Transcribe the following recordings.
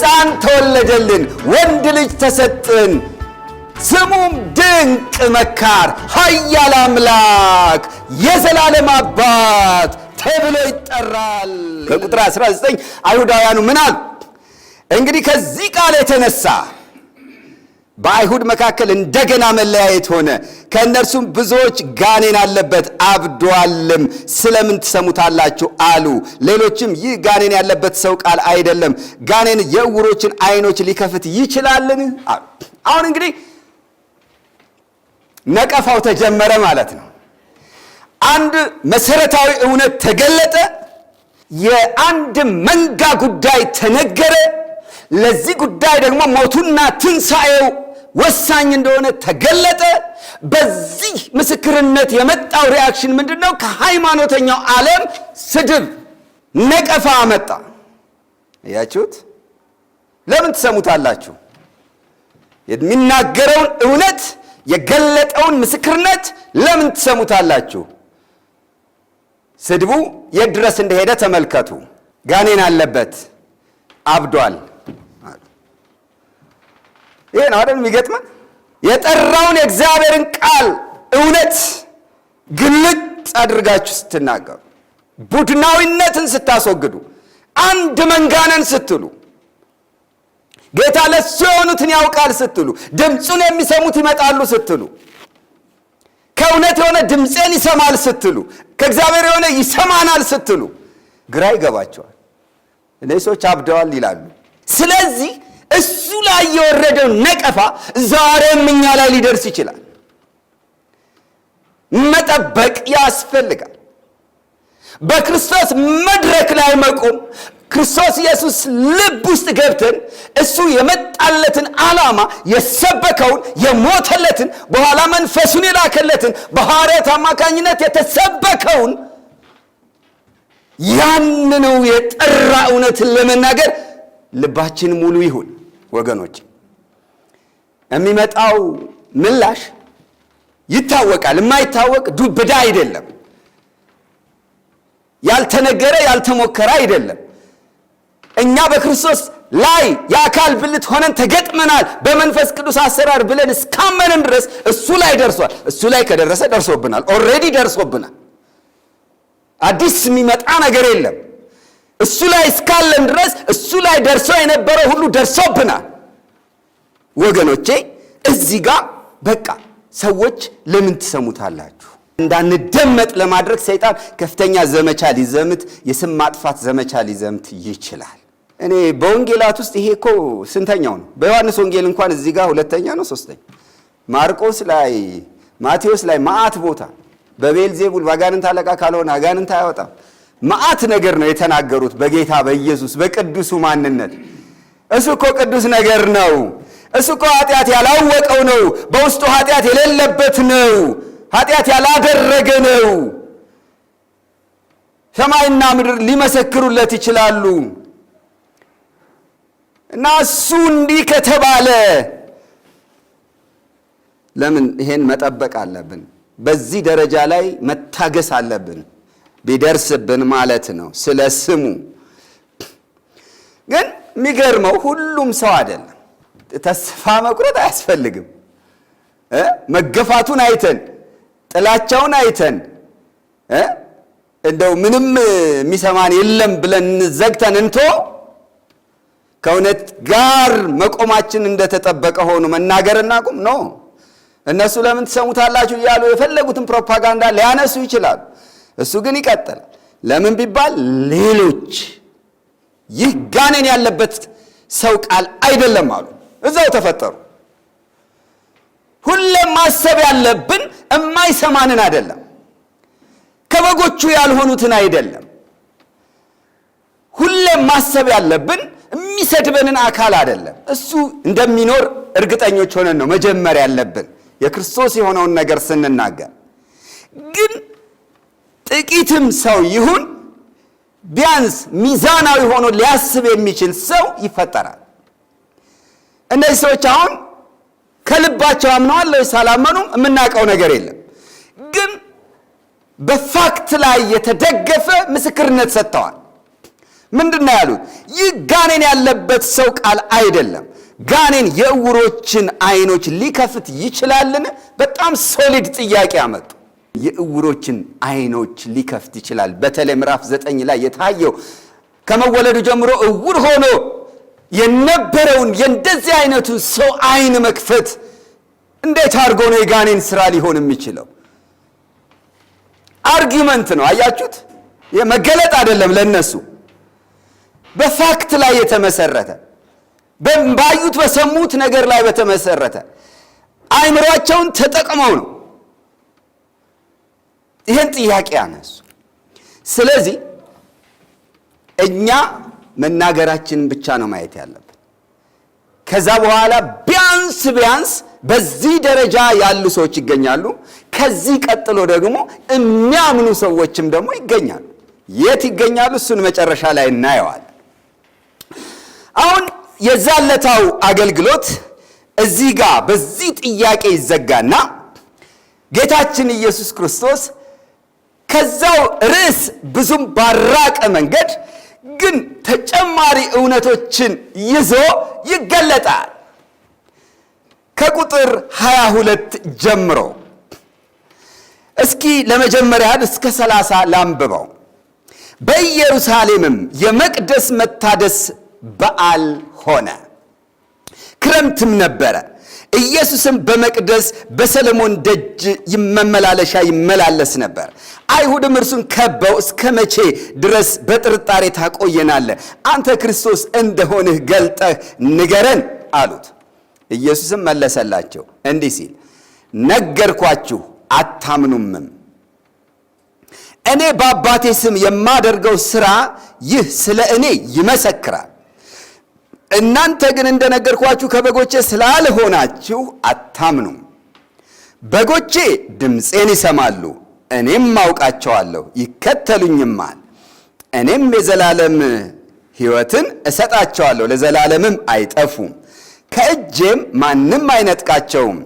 ሕፃን ተወለደልን፣ ወንድ ልጅ ተሰጥን፣ ስሙም ድንቅ መካር፣ ኃያል አምላክ፣ የዘላለም አባት ተብሎ ይጠራል። በቁጥር 19 አይሁዳውያኑ ምን አሉ? እንግዲህ ከዚህ ቃል የተነሳ በአይሁድ መካከል እንደገና መለያየት ሆነ። ከእነርሱም ብዙዎች ጋኔን አለበት አብዶአልም፣ ስለምን ትሰሙታላችሁ አሉ። ሌሎችም ይህ ጋኔን ያለበት ሰው ቃል አይደለም፣ ጋኔን የእውሮችን አይኖች ሊከፍት ይችላልን? አሁን እንግዲህ ነቀፋው ተጀመረ ማለት ነው። አንድ መሰረታዊ እውነት ተገለጠ። የአንድ መንጋ ጉዳይ ተነገረ። ለዚህ ጉዳይ ደግሞ ሞቱና ትንሣኤው ወሳኝ እንደሆነ ተገለጠ። በዚህ ምስክርነት የመጣው ሪያክሽን ምንድን ነው? ከሃይማኖተኛው ዓለም ስድብ፣ ነቀፋ መጣ። እያችሁት ለምን ትሰሙታላችሁ? የሚናገረውን እውነት የገለጠውን ምስክርነት ለምን ትሰሙታላችሁ? ስድቡ የት ድረስ እንደሄደ ተመልከቱ። ጋኔን አለበት፣ አብዷል ይሄ ነው አይደል የሚገጥመን የጠራውን የእግዚአብሔርን ቃል እውነት ግልጥ አድርጋችሁ ስትናገሩ፣ ቡድናዊነትን ስታስወግዱ፣ አንድ መንጋነን ስትሉ፣ ጌታ ለሱ የሆኑትን ያውቃል ስትሉ፣ ድምፁን የሚሰሙት ይመጣሉ ስትሉ፣ ከእውነት የሆነ ድምፄን ይሰማል ስትሉ፣ ከእግዚአብሔር የሆነ ይሰማናል ስትሉ፣ ግራ ይገባቸዋል። እነዚህ ሰዎች አብደዋል ይላሉ። ስለዚህ እሱ ላይ የወረደው ነቀፋ ዛሬም እኛ ላይ ሊደርስ ይችላል። መጠበቅ ያስፈልጋል። በክርስቶስ መድረክ ላይ መቆም ክርስቶስ ኢየሱስ ልብ ውስጥ ገብተን እሱ የመጣለትን ዓላማ የሰበከውን የሞተለትን በኋላ መንፈሱን የላከለትን በሐዋርያት አማካኝነት የተሰበከውን ያንነው የጠራ እውነትን ለመናገር ልባችን ሙሉ ይሁን። ወገኖች የሚመጣው ምላሽ ይታወቃል። የማይታወቅ ዱብዳ አይደለም። ያልተነገረ ያልተሞከረ አይደለም። እኛ በክርስቶስ ላይ የአካል ብልት ሆነን ተገጥመናል። በመንፈስ ቅዱስ አሰራር ብለን እስካመንን ድረስ እሱ ላይ ደርሷል። እሱ ላይ ከደረሰ ደርሶብናል። ኦልሬዲ ደርሶብናል። አዲስ የሚመጣ ነገር የለም። እሱ ላይ እስካለን ድረስ እሱ ላይ ደርሶ የነበረው ሁሉ ደርሶብናል ወገኖቼ። እዚህ ጋር በቃ ሰዎች ለምን ትሰሙታላችሁ? እንዳንደመጥ ለማድረግ ሰይጣን ከፍተኛ ዘመቻ ሊዘምት፣ የስም ማጥፋት ዘመቻ ሊዘምት ይችላል። እኔ በወንጌላት ውስጥ ይሄ እኮ ስንተኛው ነው? በዮሐንስ ወንጌል እንኳን እዚህ ጋር ሁለተኛ ነው ሶስተኛ፣ ማርቆስ ላይ ማቴዎስ ላይ ማአት ቦታ በቤልዜቡል በአጋንንት አለቃ ካልሆነ አጋንንት አያወጣም መዓት ነገር ነው የተናገሩት በጌታ በኢየሱስ በቅዱሱ ማንነት። እሱ እኮ ቅዱስ ነገር ነው። እሱ እኮ ኃጢአት ያላወቀው ነው። በውስጡ ኃጢአት የሌለበት ነው። ኃጢአት ያላደረገ ነው። ሰማይና ምድር ሊመሰክሩለት ይችላሉ። እና እሱ እንዲህ ከተባለ ለምን ይሄን መጠበቅ አለብን? በዚህ ደረጃ ላይ መታገስ አለብን። ቢደርስብን ማለት ነው። ስለ ስሙ ግን የሚገርመው ሁሉም ሰው አይደለም። ተስፋ መቁረጥ አያስፈልግም። መገፋቱን አይተን ጥላቻውን አይተን እንደው ምንም የሚሰማን የለም ብለን ዘግተን እንቶ ከእውነት ጋር መቆማችን እንደተጠበቀ ሆኖ መናገር እናቁም ነው። እነሱ ለምን ትሰሙታላችሁ እያሉ የፈለጉትን ፕሮፓጋንዳ ሊያነሱ ይችላሉ። እሱ ግን ይቀጥላል። ለምን ቢባል ሌሎች ይህ ጋኔን ያለበት ሰው ቃል አይደለም አሉ። እዛው ተፈጠሩ። ሁሌም ማሰብ ያለብን እማይሰማንን አይደለም፣ ከበጎቹ ያልሆኑትን አይደለም። ሁሌም ማሰብ ያለብን የሚሰድበንን አካል አይደለም። እሱ እንደሚኖር እርግጠኞች ሆነን ነው መጀመሪያ ያለብን የክርስቶስ የሆነውን ነገር ስንናገር ግን ጥቂትም ሰው ይሁን ቢያንስ ሚዛናዊ ሆኖ ሊያስብ የሚችል ሰው ይፈጠራል። እነዚህ ሰዎች አሁን ከልባቸው አምነዋል ወይስ ሳላመኑ የምናውቀው ነገር የለም፣ ግን በፋክት ላይ የተደገፈ ምስክርነት ሰጥተዋል። ምንድን ነው ያሉት? ይህ ጋኔን ያለበት ሰው ቃል አይደለም። ጋኔን የእውሮችን አይኖች ሊከፍት ይችላልን? በጣም ሶሊድ ጥያቄ አመጡ። የእውሮችን አይኖች ሊከፍት ይችላል። በተለይ ምዕራፍ ዘጠኝ ላይ የታየው ከመወለዱ ጀምሮ እውር ሆኖ የነበረውን የእንደዚህ አይነቱን ሰው አይን መክፈት እንዴት አድርጎ ነው የጋኔን ስራ ሊሆን የሚችለው? አርጊመንት ነው። አያችሁት? መገለጥ አይደለም ለነሱ በፋክት ላይ የተመሰረተ ባዩት በሰሙት ነገር ላይ በተመሰረተ አእምሯቸውን ተጠቅመው ነው ይህን ጥያቄ አነሱ። ስለዚህ እኛ መናገራችንን ብቻ ነው ማየት ያለብን። ከዛ በኋላ ቢያንስ ቢያንስ በዚህ ደረጃ ያሉ ሰዎች ይገኛሉ። ከዚህ ቀጥሎ ደግሞ የሚያምኑ ሰዎችም ደግሞ ይገኛሉ። የት ይገኛሉ? እሱን መጨረሻ ላይ እናየዋለን። አሁን የዛለታው አገልግሎት እዚህ ጋር በዚህ ጥያቄ ይዘጋና ጌታችን ኢየሱስ ክርስቶስ ከዛው ርዕስ ብዙም ባራቀ መንገድ ግን ተጨማሪ እውነቶችን ይዞ ይገለጣል። ከቁጥር 22 ጀምሮ እስኪ ለመጀመሪያ እስከ 30 ላንብበው። በኢየሩሳሌምም የመቅደስ መታደስ በዓል ሆነ፣ ክረምትም ነበረ። ኢየሱስም በመቅደስ በሰለሞን ደጅ መመላለሻ ይመላለስ ነበር። አይሁድም እርሱን ከበው እስከ መቼ ድረስ በጥርጣሬ ታቆየናለህ? አንተ ክርስቶስ እንደሆንህ ገልጠህ ንገረን አሉት። ኢየሱስም መለሰላቸው እንዲህ ሲል ነገርኳችሁ፣ አታምኑምም። እኔ በአባቴ ስም የማደርገው ሥራ ይህ ስለ እኔ ይመሰክራል እናንተ ግን እንደነገርኳችሁ ከበጎቼ ስላልሆናችሁ አታምኑም። በጎቼ ድምፄን ይሰማሉ፣ እኔም አውቃቸዋለሁ፣ ይከተሉኝማል። እኔም የዘላለም ሕይወትን እሰጣቸዋለሁ፣ ለዘላለምም አይጠፉም፣ ከእጄም ማንም አይነጥቃቸውም።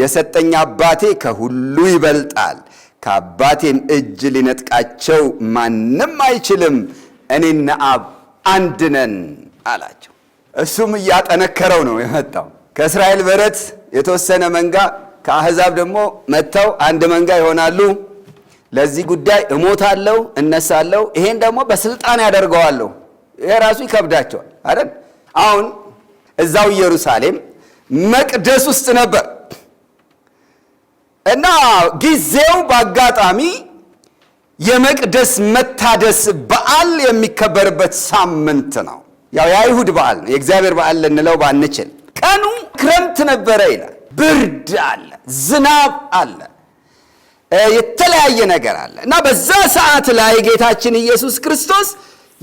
የሰጠኝ አባቴ ከሁሉ ይበልጣል፣ ከአባቴም እጅ ሊነጥቃቸው ማንም አይችልም። እኔና አብ አንድ ነን አላቸው። እሱም እያጠነከረው ነው የመጣው። ከእስራኤል በረት የተወሰነ መንጋ ከአህዛብ ደግሞ መጥተው አንድ መንጋ ይሆናሉ። ለዚህ ጉዳይ እሞታለሁ፣ እነሳለሁ፣ ይሄን ደግሞ በስልጣን ያደርገዋለሁ። ይሄ ራሱ ይከብዳቸዋል አይደል? አሁን እዛው ኢየሩሳሌም መቅደስ ውስጥ ነበር እና ጊዜው በአጋጣሚ የመቅደስ መታደስ በዓል የሚከበርበት ሳምንት ነው። ያው የአይሁድ በዓል ነው፣ የእግዚአብሔር በዓል ልንለው ባንችል። ቀኑ ክረምት ነበረ ይላል። ብርድ አለ፣ ዝናብ አለ፣ የተለያየ ነገር አለ እና በዛ ሰዓት ላይ ጌታችን ኢየሱስ ክርስቶስ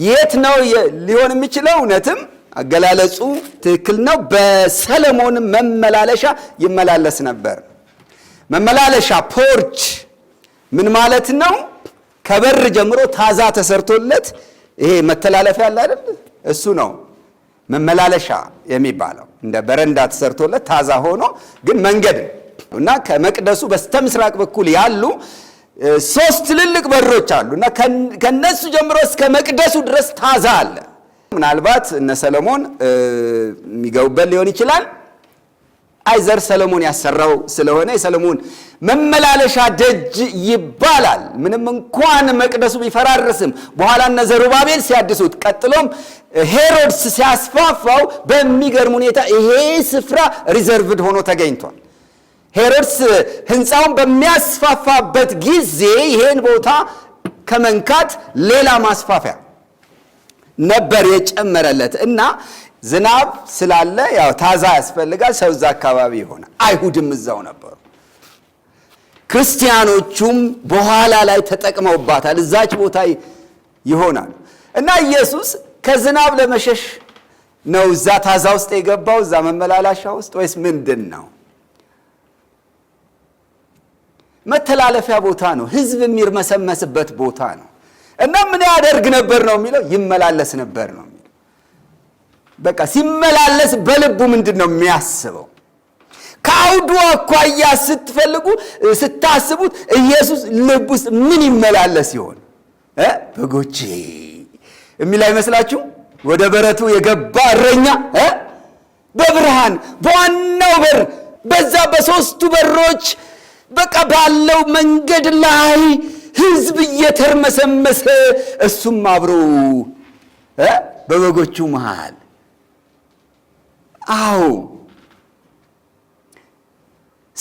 የት ነው ሊሆን የሚችለው? እውነትም አገላለጹ ትክክል ነው። በሰለሞን መመላለሻ ይመላለስ ነበር። መመላለሻ ፖርች ምን ማለት ነው? ከበር ጀምሮ ታዛ ተሰርቶለት ይሄ መተላለፊያ አለ አይደል እሱ ነው መመላለሻ የሚባለው እንደ በረንዳ ተሰርቶለት ታዛ ሆኖ ግን መንገድ እና ከመቅደሱ በስተምስራቅ በኩል ያሉ ሶስት ትልልቅ በሮች አሉ እና ከነሱ ጀምሮ እስከ መቅደሱ ድረስ ታዛ አለ። ምናልባት እነ ሰለሞን የሚገቡበት ሊሆን ይችላል። ዘር ሰለሞን ያሰራው ስለሆነ የሰለሞን መመላለሻ ደጅ ይባላል። ምንም እንኳን መቅደሱ ቢፈራርስም በኋላ እነ ዘሩባቤል ሲያድሱት፣ ቀጥሎም ሄሮድስ ሲያስፋፋው በሚገርም ሁኔታ ይሄ ስፍራ ሪዘርቭድ ሆኖ ተገኝቷል። ሄሮድስ ሕንፃውን በሚያስፋፋበት ጊዜ ይሄን ቦታ ከመንካት ሌላ ማስፋፊያ ነበር የጨመረለት እና ዝናብ ስላለ ያው ታዛ ያስፈልጋል። ሰው እዛ አካባቢ ይሆናል። አይሁድም እዛው ነበሩ። ክርስቲያኖቹም በኋላ ላይ ተጠቅመውባታል። እዛች ቦታ ይሆናሉ እና ኢየሱስ ከዝናብ ለመሸሽ ነው እዛ ታዛ ውስጥ የገባው እዛ መመላላሻ ውስጥ ወይስ ምንድን ነው? መተላለፊያ ቦታ ነው። ህዝብ የሚርመሰመስበት ቦታ ነው። እና ምን ያደርግ ነበር ነው የሚለው? ይመላለስ ነበር ነው በቃ ሲመላለስ በልቡ ምንድን ነው የሚያስበው? ከአውዱ አኳያ ስትፈልጉ ስታስቡት ኢየሱስ ልብ ውስጥ ምን ይመላለስ ይሆን? በጎቼ የሚል አይመስላችሁ? ወደ በረቱ የገባ እረኛ በብርሃን በዋናው በር በዛ በሦስቱ በሮች በቃ ባለው መንገድ ላይ ሕዝብ እየተርመሰመሰ እሱም አብሮ በበጎቹ መሃል አዎ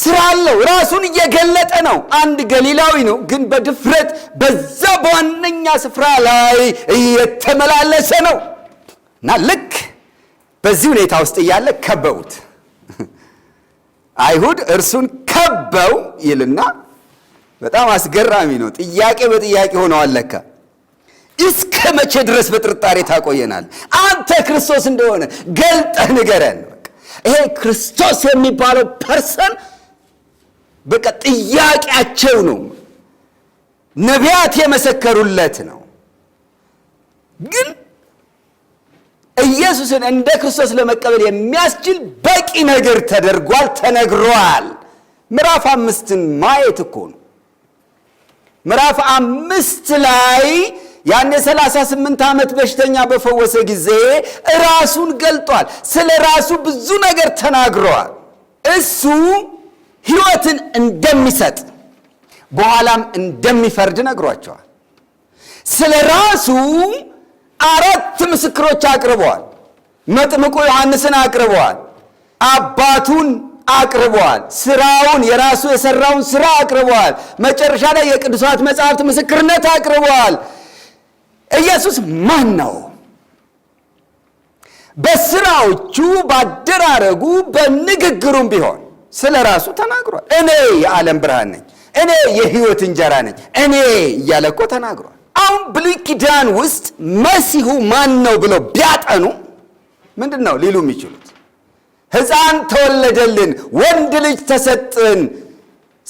ስራ አለው። ራሱን እየገለጠ ነው። አንድ ገሊላዊ ነው፣ ግን በድፍረት በዛ በዋነኛ ስፍራ ላይ እየተመላለሰ ነው እና ልክ በዚህ ሁኔታ ውስጥ እያለ ከበውት አይሁድ እርሱን ከበው ይልና በጣም አስገራሚ ነው። ጥያቄ በጥያቄ ሆነዋል ለካ እስከ መቼ ድረስ በጥርጣሬ ታቆየናል? አንተ ክርስቶስ እንደሆነ ገልጠህ ንገረን። ይሄ ክርስቶስ የሚባለው ፐርሰን በቃ ጥያቄያቸው ነው። ነቢያት የመሰከሩለት ነው። ግን ኢየሱስን እንደ ክርስቶስ ለመቀበል የሚያስችል በቂ ነገር ተደርጓል፣ ተነግሯል። ምዕራፍ አምስትን ማየት እኮ ነው። ምዕራፍ አምስት ላይ ያን የሰላሳ ስምንት ዓመት በሽተኛ በፈወሰ ጊዜ ራሱን ገልጧል። ስለ ራሱ ብዙ ነገር ተናግረዋል። እሱ ሕይወትን እንደሚሰጥ በኋላም እንደሚፈርድ ነግሯቸዋል። ስለ ራሱ አራት ምስክሮች አቅርበዋል። መጥምቁ ዮሐንስን አቅርበዋል። አባቱን አቅርበዋል። ስራውን የራሱ የሰራውን ስራ አቅርበዋል። መጨረሻ ላይ የቅዱሳት መጽሐፍት ምስክርነት አቅርበዋል። ኢየሱስ ማን ነው? በስራዎቹ ባደራረጉ፣ በንግግሩም ቢሆን ስለ ራሱ ተናግሯል። እኔ የዓለም ብርሃን ነኝ፣ እኔ የህይወት እንጀራ ነኝ፣ እኔ እያለ እኮ ተናግሯል። አሁን ብሉይ ኪዳን ውስጥ መሲሁ ማን ነው ብለው ቢያጠኑ ምንድን ነው ሊሉ የሚችሉት? ሕፃን ተወለደልን፣ ወንድ ልጅ ተሰጥን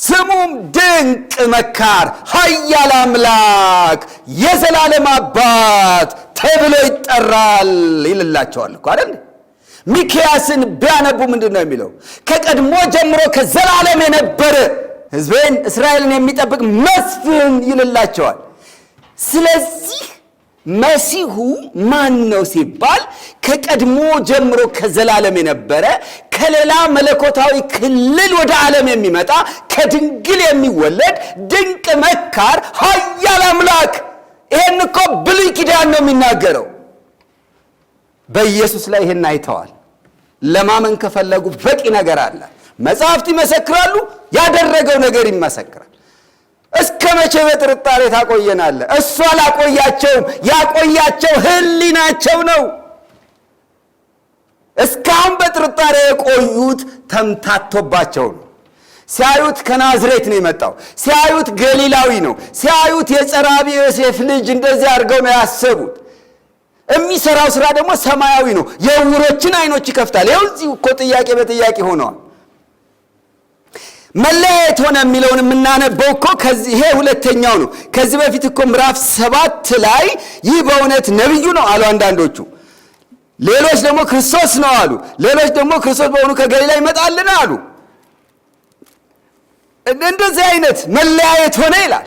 ስሙም ድንቅ መካር፣ ኃያል አምላክ፣ የዘላለም አባት ተብሎ ይጠራል ይልላቸዋል እኮ አይደል? ሚኪያስን ቢያነቡ ምንድን ነው የሚለው? ከቀድሞ ጀምሮ ከዘላለም የነበረ ሕዝቤን እስራኤልን የሚጠብቅ መስፍን ይልላቸዋል። ስለዚህ መሲሁ ማን ነው ሲባል ከቀድሞ ጀምሮ ከዘላለም የነበረ ከሌላ መለኮታዊ ክልል ወደ ዓለም የሚመጣ ከድንግል የሚወለድ ድንቅ መካር ሀያል አምላክ። ይሄን እኮ ብሉይ ኪዳን ነው የሚናገረው። በኢየሱስ ላይ ይህን አይተዋል። ለማመን ከፈለጉ በቂ ነገር አለ። መጽሐፍት ይመሰክራሉ፣ ያደረገው ነገር ይመሰክራል። እስከ መቼ በጥርጣሬ ታቆየናለ እሱ አላቆያቸውም። ያቆያቸው ህሊናቸው ነው። እስካሁን በጥርጣሬ የቆዩት ተምታቶባቸው ነው። ሲያዩት ከናዝሬት ነው የመጣው፣ ሲያዩት ገሊላዊ ነው፣ ሲያዩት የጸራቢ ዮሴፍ ልጅ እንደዚህ አድርገው ነው ያሰቡት። የሚሰራው ስራ ደግሞ ሰማያዊ ነው። የዕውሮችን አይኖች ይከፍታል። ይኸው እኮ ጥያቄ በጥያቄ ሆነዋል። መለያየት ሆነ የሚለውን የምናነበው እኮ ይሄ ሁለተኛው ነው። ከዚህ በፊት እኮ ምዕራፍ ሰባት ላይ ይህ በእውነት ነቢዩ ነው አሉ አንዳንዶቹ፣ ሌሎች ደግሞ ክርስቶስ ነው አሉ፣ ሌሎች ደግሞ ክርስቶስ በሆኑ ከገሊላ ይመጣልን አሉ። እንደዚህ አይነት መለያየት ሆነ ይላል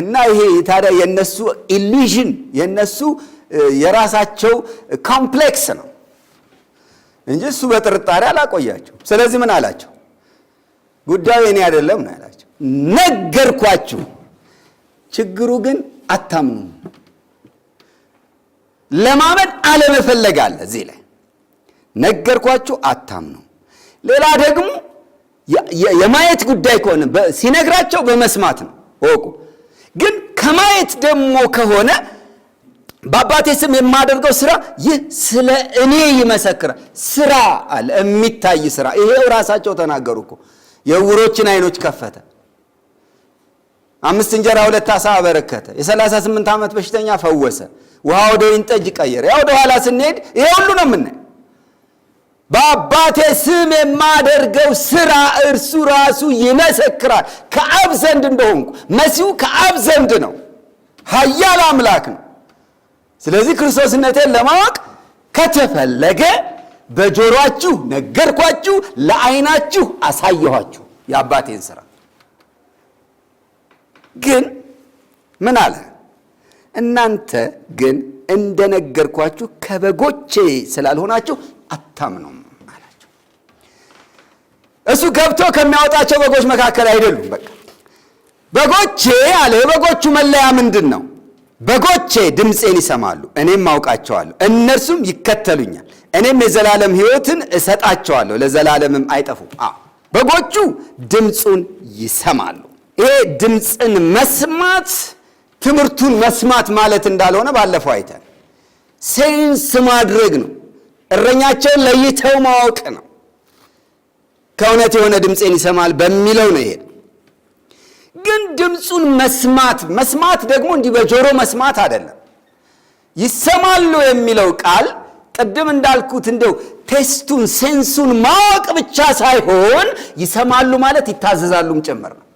እና ይሄ ታዲያ የነሱ ኢሉዥን የነሱ የራሳቸው ኮምፕሌክስ ነው እንጂ እሱ በጥርጣሬ አላቆያቸው። ስለዚህ ምን አላቸው? ጉዳዩ እኔ አይደለም ነው ያላቸው። ነገርኳችሁ፣ ችግሩ ግን አታምኑ። ለማመን አለመፈለግ አለ እዚህ ላይ። ነገርኳችሁ፣ አታምኑ። ሌላ ደግሞ የማየት ጉዳይ ከሆነ ሲነግራቸው በመስማት ነው ወቁ። ግን ከማየት ደግሞ ከሆነ በአባቴ ስም የማደርገው ስራ ይህ ስለ እኔ ይመሰክራል። ስራ አለ፣ የሚታይ ስራ። ይሄው ራሳቸው ተናገሩ እኮ የዕውሮችን አይኖች ከፈተ፣ አምስት እንጀራ ሁለት አሳ አበረከተ፣ የ የ38 ዓመት በሽተኛ ፈወሰ፣ ውሃ ወደ ወይን ጠጅ ቀየረ። ያ ወደ ኋላ ስንሄድ ይሄ ሁሉ ነው የምናየው። በአባቴ ስም የማደርገው ስራ እርሱ ራሱ ይመሰክራል፣ ከአብ ዘንድ እንደሆንኩ። መሲሁ ከአብ ዘንድ ነው፣ ኃያል አምላክ ነው። ስለዚህ ክርስቶስነቴን ለማወቅ ከተፈለገ በጆሮአችሁ ነገርኳችሁ፣ ለዓይናችሁ አሳየኋችሁ የአባቴን ስራ ግን ምን አለ? እናንተ ግን እንደነገርኳችሁ ከበጎቼ ስላልሆናችሁ አታምኑም አላቸው። እሱ ገብቶ ከሚያወጣቸው በጎች መካከል አይደሉም። በቃ በጎቼ አለ። የበጎቹ መለያ ምንድን ነው? በጎቼ ድምፄን ይሰማሉ፣ እኔም አውቃቸዋለሁ፣ እነርሱም ይከተሉኛል። እኔም የዘላለም ሕይወትን እሰጣቸዋለሁ፣ ለዘላለምም አይጠፉም። በጎቹ ድምፁን ይሰማሉ። ይሄ ድምፅን መስማት ትምህርቱን መስማት ማለት እንዳልሆነ ባለፈው አይተን፣ ሴንስ ማድረግ ነው። እረኛቸውን ለይተው ማወቅ ነው። ከእውነት የሆነ ድምፄን ይሰማል በሚለው ነው ይሄ ግን ድምፁን መስማት መስማት ደግሞ እንዲህ በጆሮ መስማት አይደለም። ይሰማሉ የሚለው ቃል ቅድም እንዳልኩት እንደው ቴስቱን ሴንሱን ማወቅ ብቻ ሳይሆን ይሰማሉ ማለት ይታዘዛሉም ጭምር ነው።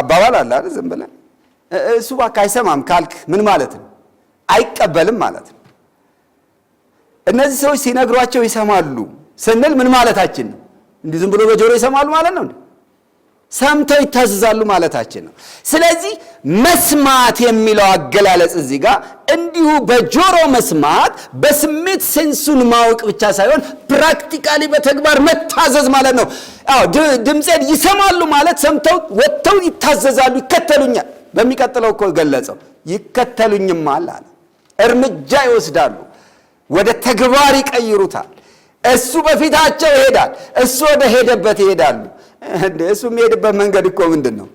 አባባል አለ አይደል? ዝም ብለን እሱ ባካ አይሰማም ካልክ ምን ማለት ነው? አይቀበልም ማለት ነው። እነዚህ ሰዎች ሲነግሯቸው ይሰማሉ ስንል ምን ማለታችን ነው? እንዲህ ዝም ብሎ በጆሮ ይሰማሉ ማለት ነው። ሰምተው ይታዘዛሉ ማለታችን ነው። ስለዚህ መስማት የሚለው አገላለጽ እዚህ ጋር እንዲሁ በጆሮ መስማት በስሜት ሴንሱን ማወቅ ብቻ ሳይሆን ፕራክቲካሊ በተግባር መታዘዝ ማለት ነው። አዎ ድምፄን ይሰማሉ ማለት ሰምተው ወጥተው ይታዘዛሉ፣ ይከተሉኛል። በሚቀጥለው እኮ ገለጸው፣ ይከተሉኝማል አለ። እርምጃ ይወስዳሉ፣ ወደ ተግባር ይቀይሩታል። እሱ በፊታቸው ይሄዳል፣ እሱ ወደ ሄደበት ይሄዳሉ። እንደ እሱ የሚሄድበት መንገድ እኮ ምንድን ነው?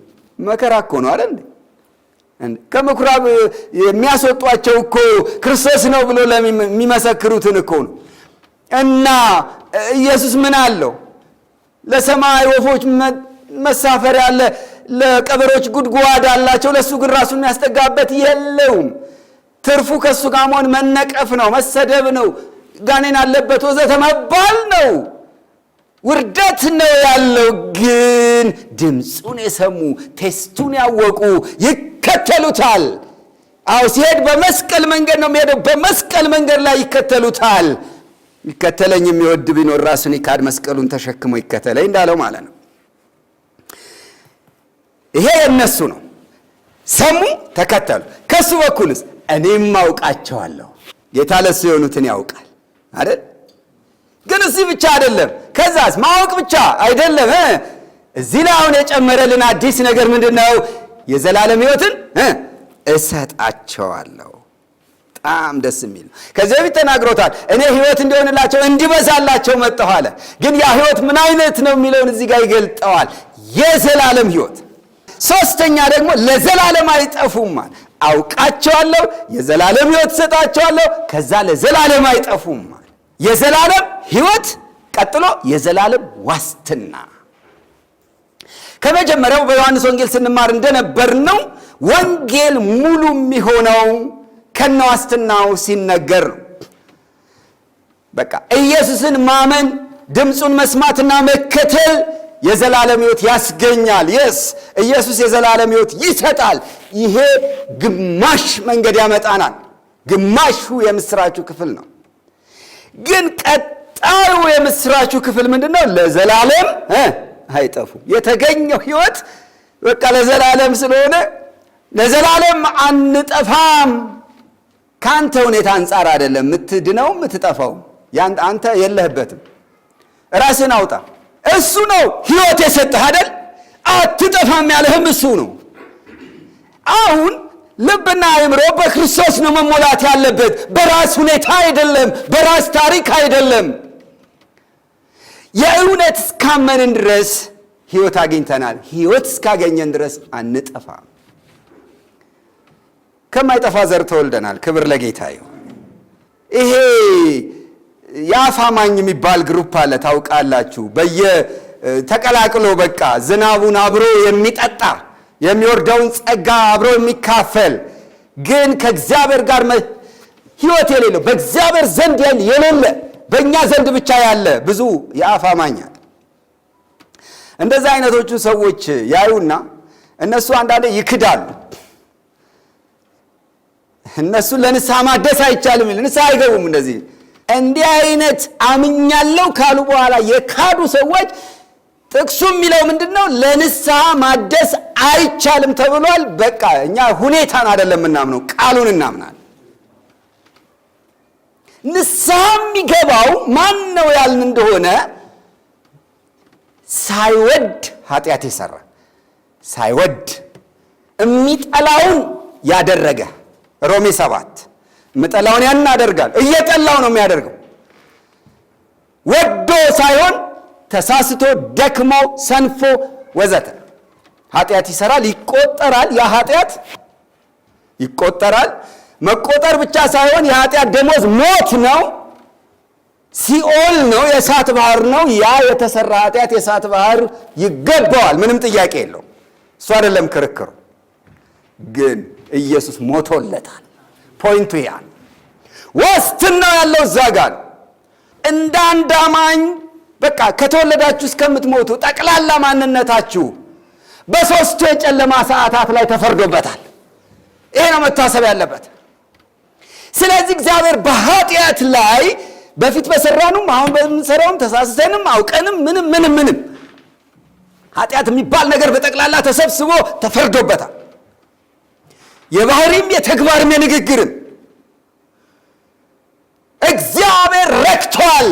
መከራ እኮ ነው አለ። ከምኩራብ የሚያስወጧቸው እኮ ክርስቶስ ነው ብሎ የሚመሰክሩትን እኮ ነው። እና ኢየሱስ ምን አለው? ለሰማይ ወፎች መሳፈሪያ አለ፣ ለቀበሮች ጉድጓድ አላቸው፣ ለእሱ ግን ራሱን የሚያስጠጋበት የለውም። ትርፉ ከእሱ ጋር መሆን መነቀፍ ነው፣ መሰደብ ነው፣ ጋኔን አለበት ወዘተ መባል ነው። ውርደት ነው ያለው። ግን ድምፁን የሰሙ ቴስቱን ያወቁ ይከተሉታል። አው ሲሄድ በመስቀል መንገድ ነው የሚሄደው። በመስቀል መንገድ ላይ ይከተሉታል። ይከተለኝ የሚወድ ቢኖር ራሱን ይካድ፣ መስቀሉን ተሸክሞ ይከተለኝ እንዳለው ማለት ነው። ይሄ የእነሱ ነው። ሰሙ፣ ተከተሉ። ከሱ በኩልስ እኔም አውቃቸዋለሁ። ጌታ ለሱ የሆኑትን ያውቃል አይደል? ግን እዚህ ብቻ አይደለም። ከዛስ ማወቅ ብቻ አይደለም። እዚህ ላይ አሁን የጨመረልን አዲስ ነገር ምንድን ነው? የዘላለም ሕይወትን እሰጣቸዋለሁ። በጣም ደስ የሚል ነው። ከዚህ በፊት ተናግሮታል። እኔ ሕይወት እንዲሆንላቸው እንዲበዛላቸው መጣሁ አለ። ግን ያ ሕይወት ምን አይነት ነው የሚለውን እዚህ ጋር ይገልጠዋል። የዘላለም ሕይወት ሶስተኛ ደግሞ ለዘላለም አይጠፉም። አውቃቸዋለሁ፣ የዘላለም ሕይወት እሰጣቸዋለሁ፣ ከዛ ለዘላለም አይጠፉም። የዘላለም ሕይወት ቀጥሎ የዘላለም ዋስትና ከመጀመሪያው በዮሐንስ ወንጌል ስንማር እንደነበር ነው ወንጌል ሙሉ የሚሆነው ከነዋስትናው ሲነገር በቃ ኢየሱስን ማመን ድምፁን መስማትና መከተል የዘላለም ህይወት ያስገኛል። የስ ኢየሱስ የዘላለም ህይወት ይሰጣል። ይሄ ግማሽ መንገድ ያመጣናል። ግማሹ የምስራቹ ክፍል ነው። ግን ቀጥ ጻሩ የምስራቹ ክፍል ምንድን ነው? ለዘላለም አይጠፉም። የተገኘው ህይወት በቃ ለዘላለም ስለሆነ ለዘላለም አንጠፋም። ከአንተ ሁኔታ አንጻር አይደለም የምትድነው ምትጠፋው አንተ የለህበትም። ራስን አውጣ። እሱ ነው ህይወት የሰጠህ አደል? አትጠፋም ያለህም እሱ ነው። አሁን ልብና አእምሮ በክርስቶስ ነው መሞላት ያለበት፣ በራስ ሁኔታ አይደለም፣ በራስ ታሪክ አይደለም። የእውነት እስካመንን ድረስ ህይወት አግኝተናል። ህይወት እስካገኘን ድረስ አንጠፋም። ከማይጠፋ ዘር ተወልደናል። ክብር ለጌታ ይሁን። ይሄ የአፋማኝ የሚባል ግሩፕ አለ ታውቃላችሁ። በየ ተቀላቅሎ በቃ ዝናቡን አብሮ የሚጠጣ የሚወርደውን ጸጋ አብሮ የሚካፈል ግን ከእግዚአብሔር ጋር ህይወት የሌለው በእግዚአብሔር ዘንድ የሌለ በእኛ ዘንድ ብቻ ያለ ብዙ የአፍ አማኝ አለ። እንደዚህ አይነቶቹ ሰዎች ያዩና እነሱ አንዳንዴ ይክዳሉ። እነሱን ለንስሐ ማደስ አይቻልም፣ ንስሐ አይገቡም። እንደዚህ እንዲህ አይነት አምኛለሁ ካሉ በኋላ የካዱ ሰዎች ጥቅሱ የሚለው ምንድን ነው? ለንስሐ ማደስ አይቻልም ተብሏል። በቃ እኛ ሁኔታን አይደለም የምናምነው፣ ቃሉን እናምናል። ንስሐ የሚገባው ማን ነው ያልን እንደሆነ ሳይወድ ኃጢአት የሰራ ሳይወድ የሚጠላውን ያደረገ ሮሜ ሰባት ምጠላውን ያን አደርጋል እየጠላው ነው የሚያደርገው ወዶ ሳይሆን ተሳስቶ ደክሞ ሰንፎ ወዘተ ኃጢአት ይሰራል ይቆጠራል ያ ኃጢአት ይቆጠራል መቆጠር ብቻ ሳይሆን የኃጢአት ደሞዝ ሞት ነው፣ ሲኦል ነው፣ የእሳት ባህር ነው። ያ የተሰራ ኃጢአት የእሳት ባህር ይገባዋል። ምንም ጥያቄ የለው። እሱ አይደለም ክርክሩ። ግን ኢየሱስ ሞቶለታል። ፖይንቱ ያ ዋስትናው ያለው እዛ ጋር እንደ አንድ አማኝ በቃ ከተወለዳችሁ እስከምትሞቱ ጠቅላላ ማንነታችሁ በሦስቱ የጨለማ ሰዓታት ላይ ተፈርዶበታል። ይሄ ነው መታሰብ ያለበት። ስለዚህ እግዚአብሔር በኃጢአት ላይ በፊት በሰራንም አሁን በምንሰራውም ተሳስተንም አውቀንም ምንም ምንም ምንም ኃጢአት የሚባል ነገር በጠቅላላ ተሰብስቦ ተፈርዶበታል። የባህሪም የተግባርም የንግግርም እግዚአብሔር ረክቷል።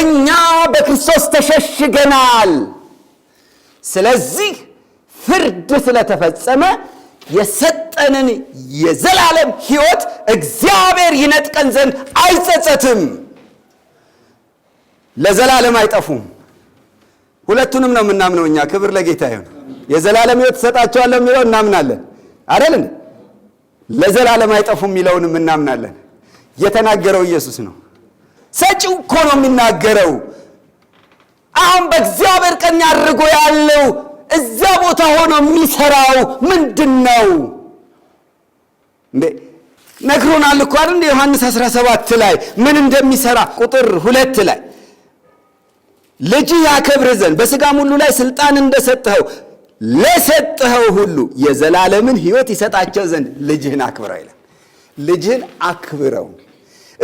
እኛ በክርስቶስ ተሸሽገናል። ስለዚህ ፍርድ ስለተፈጸመ የሰጠንን የዘላለም ሕይወት እግዚአብሔር ይነጥቀን ዘንድ አይጸጸትም። ለዘላለም አይጠፉም። ሁለቱንም ነው የምናምነው እኛ። ክብር ለጌታ ይሁን። የዘላለም ሕይወት ትሰጣቸዋለሁ የሚለው እናምናለን አይደል? ለዘላለም አይጠፉም የሚለውንም እናምናለን። የተናገረው ኢየሱስ ነው። ሰጪው እኮ ነው የሚናገረው። አሁን በእግዚአብሔር ቀኝ አድርጎ ያለው እዛ ቦታ ሆኖ የሚሰራው ምንድን ነው? ነግሮናል እኮ አይደል? ዮሐንስ 17 ላይ ምን እንደሚሰራ ቁጥር ሁለት ላይ ልጅ ያከብር ዘንድ በስጋም ሁሉ ላይ ስልጣን እንደሰጠኸው ለሰጠኸው ሁሉ የዘላለምን ሕይወት ይሰጣቸው ዘንድ ልጅህን አክብረው ይላል። ልጅህን አክብረው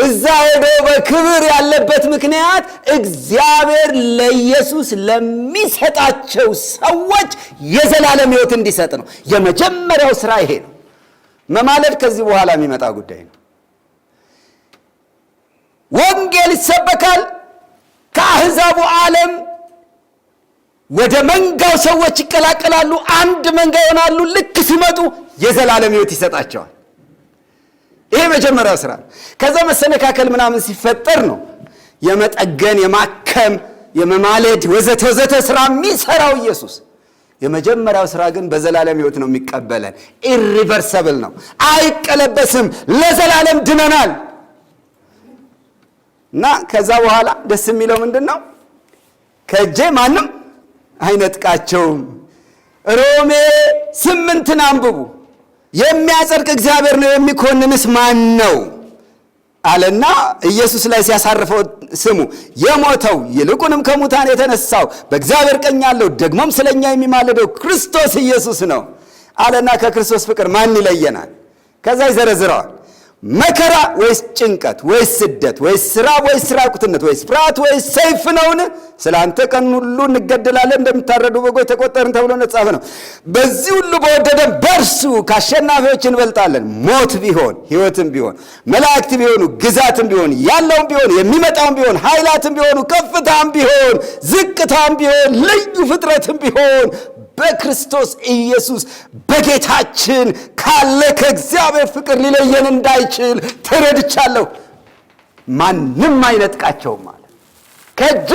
እዛ ሄዶ በክብር ያለበት ምክንያት እግዚአብሔር ለኢየሱስ ለሚሰጣቸው ሰዎች የዘላለም ሕይወት እንዲሰጥ ነው። የመጀመሪያው ስራ ይሄ ነው። መማለድ ከዚህ በኋላ የሚመጣ ጉዳይ ነው። ወንጌል ይሰበካል። ከአሕዛቡ ዓለም ወደ መንጋው ሰዎች ይቀላቀላሉ። አንድ መንጋ ይሆናሉ። ልክ ሲመጡ የዘላለም ሕይወት ይሰጣቸዋል። ይሄ መጀመሪያ ስራ ነው። ከዛ መሰነካከል ምናምን ሲፈጠር ነው የመጠገን የማከም የመማለድ ወዘተ ወዘተ ስራ የሚሰራው ኢየሱስ። የመጀመሪያው ስራ ግን በዘላለም ህይወት ነው የሚቀበለን። ኢሪቨርሰብል ነው፣ አይቀለበስም። ለዘላለም ድነናል እና ከዛ በኋላ ደስ የሚለው ምንድን ነው? ከእጄ ማንም አይነጥቃቸውም። ሮሜ ስምንትን አንብቡ። የሚያጸድቅ እግዚአብሔር ነው የሚኮንንስ ማን ነው አለና ኢየሱስ ላይ ሲያሳርፈው ስሙ የሞተው ይልቁንም ከሙታን የተነሳው በእግዚአብሔር ቀኝ ያለው ደግሞም ስለኛ የሚማልደው ክርስቶስ ኢየሱስ ነው አለና ከክርስቶስ ፍቅር ማን ይለየናል? ከዛ ይዘረዝረዋል። መከራ ወይስ ጭንቀት ወይስ ስደት ወይስ ስራ ወይስ ራቁትነት ወይስ ፍርሃት ወይስ ሰይፍ ነውን? ስለ አንተ ቀን ሁሉ እንገደላለን፣ እንደምታረዱ በጎች ተቆጠርን ተብሎ እንደተጻፈ ነው። በዚህ ሁሉ በወደደን በእርሱ ከአሸናፊዎች እንበልጣለን። ሞት ቢሆን ሕይወትም ቢሆን መላእክት ቢሆኑ ግዛትም ቢሆን ያለውም ቢሆን የሚመጣውም ቢሆን ኃይላትም ቢሆኑ ከፍታም ቢሆን ዝቅታም ቢሆን ልዩ ፍጥረትም ቢሆን በክርስቶስ ኢየሱስ በጌታችን ካለ ከእግዚአብሔር ፍቅር ሊለየን እንዳይችል ተረድቻለሁ። ማንም አይነጥቃቸውም አለ። ከእጄ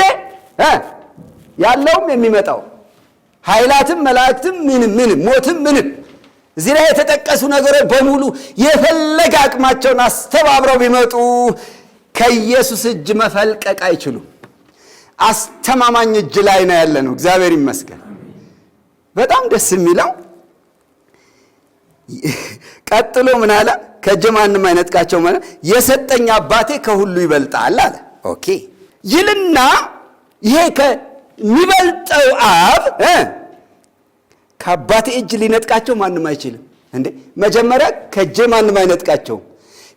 ያለውም የሚመጣው ኃይላትም መላእክትም ምንም ምንም ሞትም ምንም እዚህ ላይ የተጠቀሱ ነገሮች በሙሉ የፈለገ አቅማቸውን አስተባብረው ቢመጡ ከኢየሱስ እጅ መፈልቀቅ አይችሉም። አስተማማኝ እጅ ላይ ነው ያለነው። እግዚአብሔር ይመስገን። በጣም ደስ የሚለው ቀጥሎ ምን አለ? ከእጅ ማንም አይነጥቃቸው ማለት የሰጠኝ አባቴ ከሁሉ ይበልጣል አለ። ኦኬ ይልና ይሄ ከሚበልጠው አብ ከአባቴ እጅ ሊነጥቃቸው ማንም አይችልም። እንዴ መጀመሪያ ከእጄ ማንም አይነጥቃቸውም።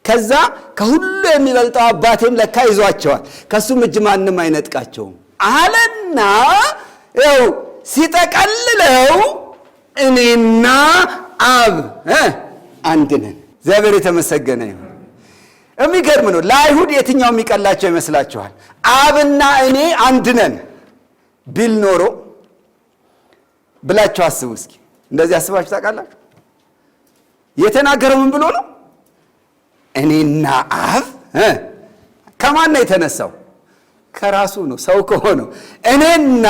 ከዛ ከሁሉ የሚበልጠው አባቴም ለካ ይዟቸዋል፣ ከእሱም እጅ ማንም አይነጥቃቸውም አለና ው ሲጠቀልለው እኔና አብ አንድ ነን። እግዚአብሔር የተመሰገነ ይሁን። የሚገርም ነው። ለአይሁድ የትኛው የሚቀላቸው ይመስላችኋል? አብና እኔ አንድ ነን ቢል ኖሮ ብላችሁ አስቡ እስኪ። እንደዚህ አስባችሁ ታውቃላችሁ? የተናገረው ምን ብሎ ነው? እኔና አብ ከማን ነው የተነሳው? ከራሱ ነው። ሰው ከሆነው እኔና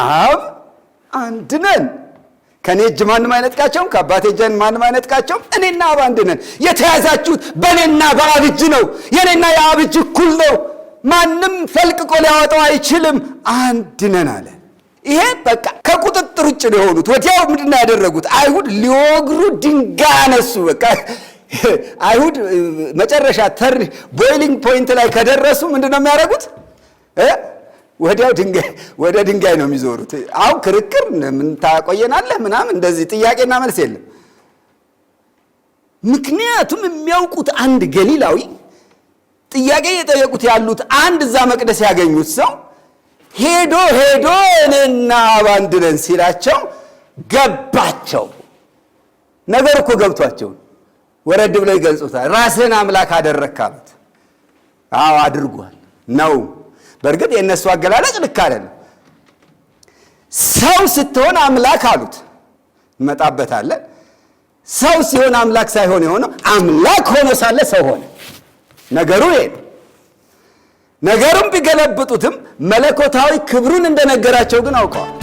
አብ አንድ ነን። ከእኔ እጅ ማንም አይነጥቃቸውም፣ ከአባቴ እጅ ማንም አይነጥቃቸውም። እኔና አብ አንድ ነን። የተያዛችሁት በእኔና በአብ እጅ ነው። የእኔና የአብ እጅ እኩል ነው። ማንም ፈልቅቆ ሊያወጣው አይችልም። አንድ ነን አለ። ይሄ በቃ ከቁጥጥር ውጭ ነው የሆኑት። ወዲያው ምንድን ያደረጉት አይሁድ ሊወግሩ ድንጋይ አነሱ። በቃ አይሁድ መጨረሻ ተር ቦይሊንግ ፖይንት ላይ ከደረሱ ምንድን ነው የሚያደርጉት? ወዲያው ወደ ድንጋይ ነው የሚዞሩት። አሁን ክርክር ምን ታቆየናለህ ምናምን እንደዚህ ጥያቄና መልስ የለም። ምክንያቱም የሚያውቁት አንድ ገሊላዊ ጥያቄ የጠየቁት ያሉት አንድ እዛ መቅደስ ያገኙት ሰው ሄዶ ሄዶ እኔና አባንድ ነን ሲላቸው ገባቸው። ነገር እኮ ገብቷቸው ወረድ ብለው ይገልጹታል። ራስህን አምላክ አደረግክ አዎ አድርጓል ነው በእርግጥ የእነሱ አገላለጽ ልክ አይደለም። ሰው ስትሆን አምላክ አሉት፣ እንመጣበታለን። ሰው ሲሆን አምላክ ሳይሆን የሆነው አምላክ ሆኖ ሳለ ሰው ሆነ። ነገሩ ይሄ ነው። ነገሩም ቢገለብጡትም መለኮታዊ ክብሩን እንደነገራቸው ግን አውቀዋል።